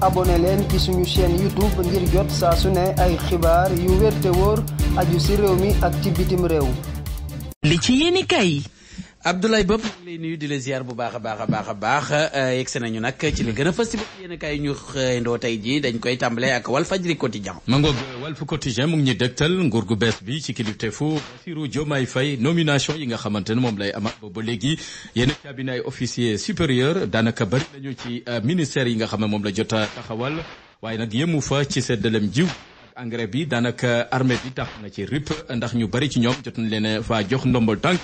abonné leen ci suñu chaîne YouTube ngir jot saa su ne ay xibaar yu wér te aju ci réew mi ak ci bitim réew. li ci yéene kay. Abdoulaye Bop lay nuyu di la ziar bu baax a baax a baax a baax euh, yegsi nañu nag ci li gën a fës ci bopp ñu xëyndoo tey jii dañ koy tàmbalee ak Walfadjri quotidien ma ngoog euh, Walf quotidien mu ngi ñuy dëgtal nguur gu bees bi ci kilifteefu Bassirou Diomaye fay nomination yi nga xamante ne moom lay ama ba léegi yéen a cabinet officier supérieur daanaka bëri lañu ci euh, ministère yi nga xam ne moom la jot a taxawal waaye nag yemu fa ci seddalem jiw engrais bi daanaka armée bi tax na ci rip ndax ñu bëri ci ñoom jot leen faa jox ndombal tànk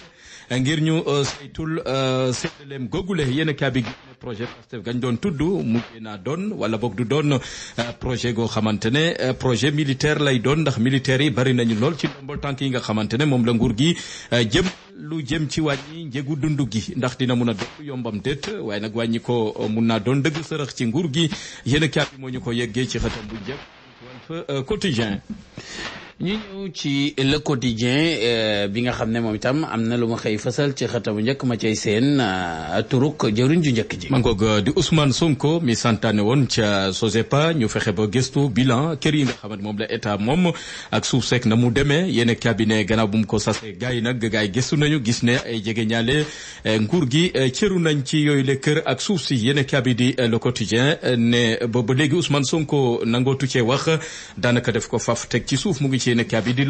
ngir ñu euh, saytul euh, séddaleem googule yenn kaabi bi projet Pastef gañ doon tuddu mu naa doon wala boog du doon euh, projet goo xamante ne projet militaire lay doon ndax militaire yi bari nañu lool ci ndombol tànk yi nga xamante ne moom la nguur gi jëm lu jëm ci wàññi njëgu dund gi ndax dina mun a doon yombam déet waaye nag wàññi ko mun naa doon dëgg sërëx ci nguur gi yéen a kàddu moo ñu ko yeggee ci xëtam bu njëkk Walf Quotidien ñu ñëw ci le quotidien euh, bi nga xam ne moom itam am na lu ma xëy fasal ci xatamu njëkk ma cay seen euh, turuk jëwriñ ju njëkk ji. man ngoog euh, di Ousmane Sonko mi santaane woon ca SOSEPA ñu fexe ba gëstu bilan kër yi nga xamante moom la état moom ak suuf seek na mu demee yéen cabinet gannaaw bu mu ko sasee gars yi nag gars yi gëstu nañu gis ne ay jege ñaale nguur gi cëru nañ ci yooyu le kër ak suuf si yéen cabinet di le quotidien ne ba ba léegi Ousmane Sonko nangootu cee wax daanaka def yéen a kaab yi di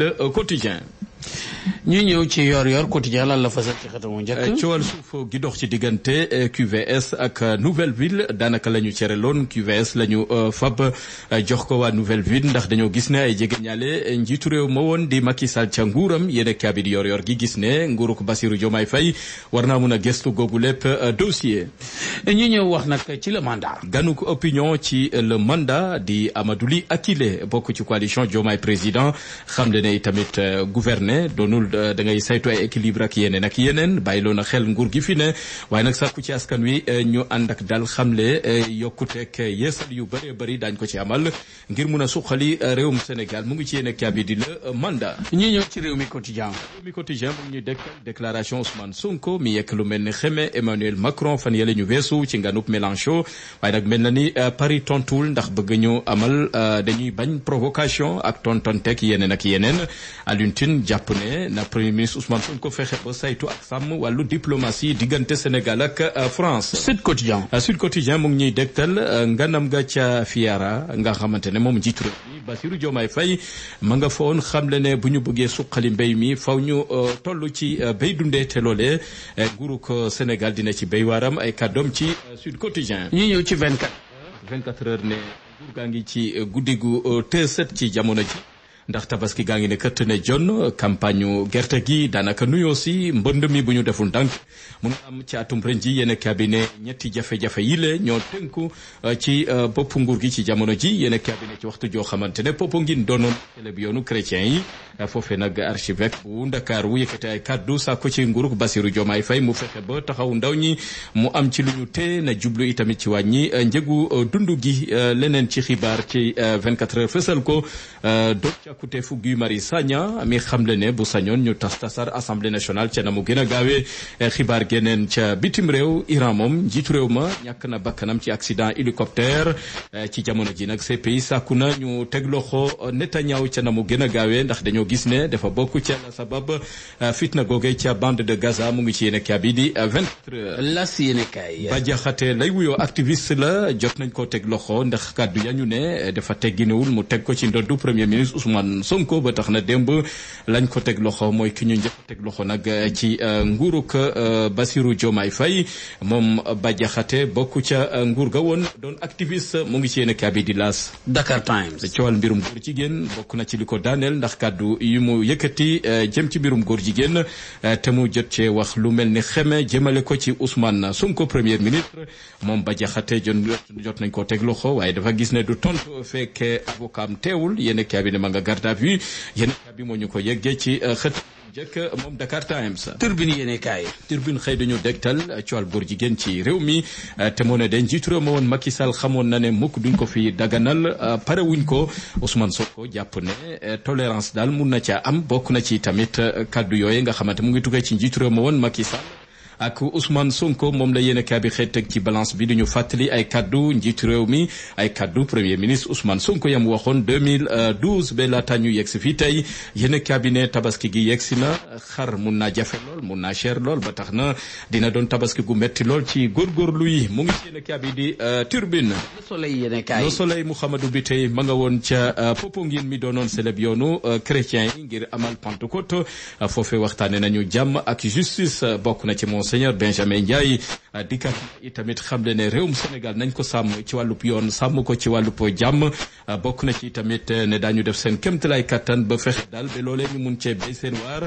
ñu ñëw ci yor-yor quotidien lan la fasal ci xatamu njëkk. Eh, coowal suuf gi ci diggante eh, QVS ak eh, Nouvelle Ville daanaka lañu ñu loon QVS la ñu fab jox ko waa Nouvelle Ville ndax dañoo gis ne ay jegeñaale njiitu réew ma woon di Macky Sall ca nguuram yéen a kaabi yor-yor gi gis ne nguuruk Bassirou Diomaye Faye war naa mun a gëstu googu lépp dossier. ñu ñëw wax nag ci le mandat. ganuk opinion ci le mandat di Amadou Ly Akile bokk ci coalition Diomaye président xam tamit gouverner. ne doonul euh, da ngay saytu ay équilibre ak yeneen ak yeneen bàyyiloo na xel nguur gi fi ne waaye nag sàkku ci askan wi euh, ñu ànd ak dal xamle euh, yokkuteeg yeesal yu bëree bëri daañ ko ci amal ngir mun a réew mu Sénégal mu ngi ci yéen caabi di la mandat. ñi ñëw ci réew mi quotidien réew mi quotidien mu ñu dëkk déclaration Ousmane Sonko mi yekk lu mel ni xeme Emmanuel Macron fan yële ñu weesu ci nganub Mélenchon waaye nag mel na ni Paris tontuwul ndax bëgg ñu amal dañuy bañ provocation ak tontonteeg yeneen ak jàpp ne na premier ministre Ousmane ko fexe ba saytu ak sàmm wàllu diplomatie diggante Sénégal ak euh, France. Sud Quotidien euh, Sud Quotidien mu ngi ñuy dégtal euh, nganam ga ca Fiara nga xamante ne moom njiitu réew mi Bassirou Diomaye fay ma nga foon xamle ne bu ñu bëggee suqali mbéy mi faw ñu toll ci béy dundee te loolee nguurug Sénégal dina ci béy waaram ay kàddoom ci Sud Quotidien. ñu ñëw ci vingt 24 heures ne nguur gaa ngi ci guddi gu T7 ci jamono ji. ndax tabaski gaa ngi ne këtt ne jonn campagne gerte gi daanaka nuyoo si mbënd mi bu ñu deful ndànk mun ngi am ci atum ren ji yéen cabinet ñetti jafe-jafe yi la ñoo tënku euh, ci euh, bopp nguur gi ci jamono ji yéen cabinet ci waxtu joo xamante ne popo ngin doonoon télé bi yoonu chrétien yi euh, foofee nag archevêque bu Ndakaar wu yëkkati ay kàddu sàkku ci nguurug Basiru Jomaay Fay mu fexe ba taxaw ndaw ñi mu am ci lu ñu tee na jublu itamit ci wàññi njëgu dund gi leneen ci xibaar ci 24 heures ko càkkuteefu Guy Marius Sagna mi xamle ne bu sañoon ñu tas tasar assemblée nationale ca na mu gën a gaawee eh, xibaar geneen ca bitim réew Iran moom njiitu réew ma ñàkk na bakkanam ci accident hélicoptère eh, ci jamono ji nag CPI sàkku na ñu teg loxo Netanyahu ca na mu gën a gaawee ndax dañoo gis ne dafa bokk ca la sabab eh, fitna googe ca bande de Gaza mu ngi ci yéene kaa bi di 24 heures. las yéene ba jaxate lay wuyoo activiste la jot nañ ko teg loxo ndax kàddu ya ñu ne dafa tegginewul mu teg Ousmane Sonko ba tax na démb lañ ko teg loxo mooy ki ñu njëkk teg loxo nag eh, ci eh, nguuruk eh, basiru Diomaye Faye moom Bah Diakhaté bokk ca nguur ga woon doon activiste mu ngi ci yéen a di laas Dakar Times ci wàllu mbirum góor jigéen bokk na ci li ko daaneel ndax kaddu yi mu yëkkati jëm ci mbirum góor jigéen te mu jot cee wax lu mel ni xeme jëmale ko ci Ousmane sunko premier ministre moom Bah Diakhaté jot nañ ko teg loxo waaye dafa gis ne du tontu fekkee avocat teewul yéen a garde à vue yéen bi moo ñu ko yeggee ci euh, xët jëkk moom Dakar Times. turbine yéene kaay. turbine xëy dañu dégtal coowal góor jigéen ci réew mi euh, te moo ne de njiitu réew ma woon Macky Sall xamoon na ne mukk duñ ko fi daganal euh, pare wuñ ko Ousmane Sonko jàpp ne tolérance daal mun na caa am bokk na ci tamit kàddu yooyu nga xamante mu ngi tukkee ci njiitu réew ma woon Macky Sall. ak Ousmane Sonko moom la yéenekaay bi xëy teg ci balance bi du ñu fàttali ay kaddu njiitu réew mi ay kaddu premier ministre Ousmane Sonko yam waxoon 2012 ba laata ñu yegg si fii tey yéenekaay bi ne tabaski gi yegg si na xar mun naa jafe lool mun naa cher lool ba tax na dina doon tabaski gu metti lool ci góorgóorlu yi mu ngi ci yéenekaay bi di euh, turbine. Le Soleil yéenekaay Le Soleil Mouhamadou bi tey ma nga woon ca euh, Popenguine mi doonoon seleb yoonu euh, chrétien yi ngir amal Pentecôte foofe waxtaane nañu jàmm ak bokk na ci moom monseigneur Benjamin Ndiaye dikkaat itamit xam le ne réewum Sénégal nañ ko sàmm ci wàllub yoon sàmm ko ci wàllub jàmm bokk na ci tamit ne daañu def seen kéemtalaay kattan ba fexe daal ba loole ñu mun cee béy seen waar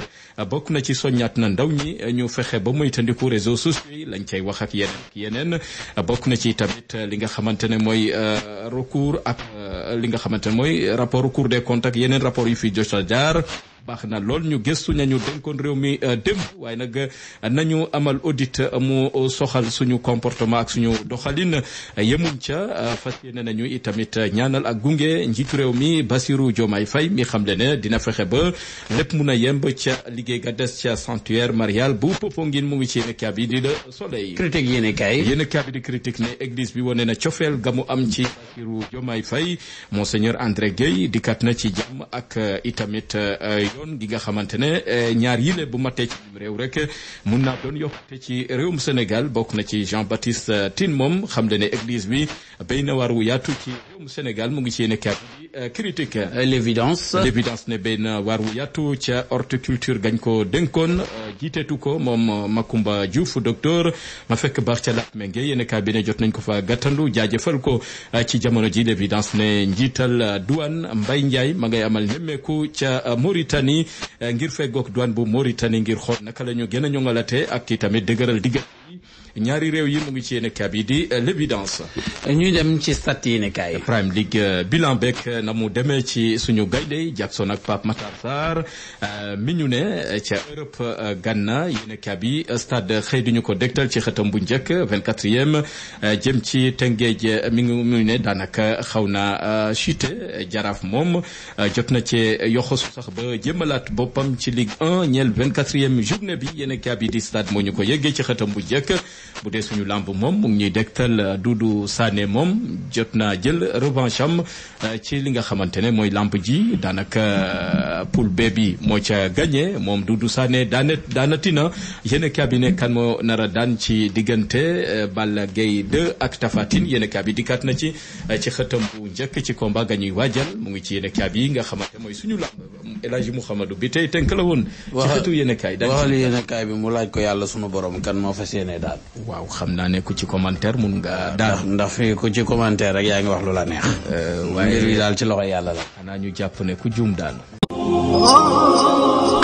bokk na ci soññaat na ndaw ñi ñu fexe ba muy tandiku réseaux sociaux yi lañ cay wax ak yeneen yeneen bokk na ci tamit li nga xamante ne mooy euh, recours ak euh, li nga xamante ne mooy rapport Cour des comptes yeneen rapport yu fi jot a baax na lool ñu gëstu nañu dénkoon réew mi euh, démb waaye nag euh, nañu amal audit euh, mu soxal suñu comportement ak suñu doxalin yemuñ ca fas yéene nañu itamit ñaanal ak gunge njiitu réew mi Bassirou Diomaye Faye mi xam ne dina fexe ba lépp mun a yemb ca liggéey ga des ca sanctuaire marial bu Popenguine mu ngi ci yéen kaabi di la soleil. critique yéen kaay yéen kaabi di ne église bi wane na cofeel ga mu am ci Bassirou Diomaye Faye monseigneur André Guèye dikkat na ci jàmm ak itamit yoon gi nga xamante ne eh, ñaar yile bu matee ci réew rek mun naa doon yokkute ci réewum Sénégal bokk na ci Jean Baptiste eh, Tine moom xam le ne église bi béy na waar wu yaatu ci réewum Sénégal mu ngi ci yéene kàddu gi eh, critique euh, l'évidence l'évidence ne béy na waar wu yaatu ca horticulture gañ ko dénkoon euh, jiiteetu ko moom euh, Makumba Diouf docteur ma fekk baax ca laat menge yéene kaa bi ne jot nañ ko fa gàttandu jaajëfal ko ci jamono ji l'évidence ne njiital douane Mbaye Ndiaye ma ngay amal Mauritanie eh, ngir feggoog douane bu Mauritanie ngir xool naka la ñu gën a ñoŋalate ak i tamit dëgëral diggante ñaari réew yi mu ngi ci yéen kaay bi di euh, l'évidence. ñu dem ci stat yéen kaay. Prime League euh, bilan beek euh, na mu demee ci suñu gaynde Jackson ak Pape Matar Sarr mi ñu ne ca Europe Ghana yéen kaay bi stade xëy duñu ko dégtal ci xëtam bu njëkk 24e jëm ci Tëngéej mi ngi ne daanaka xaw na chute jaraaf moom jot na ci su sax ba jëmmalaat boppam ci Ligue 1 ñeel 24e journée bi yéen kaay bi di stade moo ñu ko yëggee ci xëtam bu njëkk. bu dee suñu làmp moom mu ngi ñuy dégtal euh, Doudou Sané moom jot naa jël revanche am euh, ci li nga xamante ne mooy làmp ji daanaka euh, poule B bi moo ca gagné moom dudu sànnee daane daanati na yéen cabinet kan moo nar daan ci diggante Balla Gaye 2 ak Tapha Tine bi cabinet dikkaat na ci ci xëtam bu njëkk ci combat ga ñuy waajal mu ngi ci yéen cabinet yi nga xamante mooy suñu lamb. El Hadji Mouhamadou bi tey tënk la woon. ci xëtu yéenekaay daal waxal yéenekaay bi mu laaj ko yàlla suma borom kan moo fas yéene daal. waaw xam naa ne ku ci commentaire mun nga daal ndax fii ku ci commentaire rek yaa ngi wax lu la neex. Euh, waaye mbir daal ci loxo yàlla la. xanaa ñu jàpp ne ku juum daal.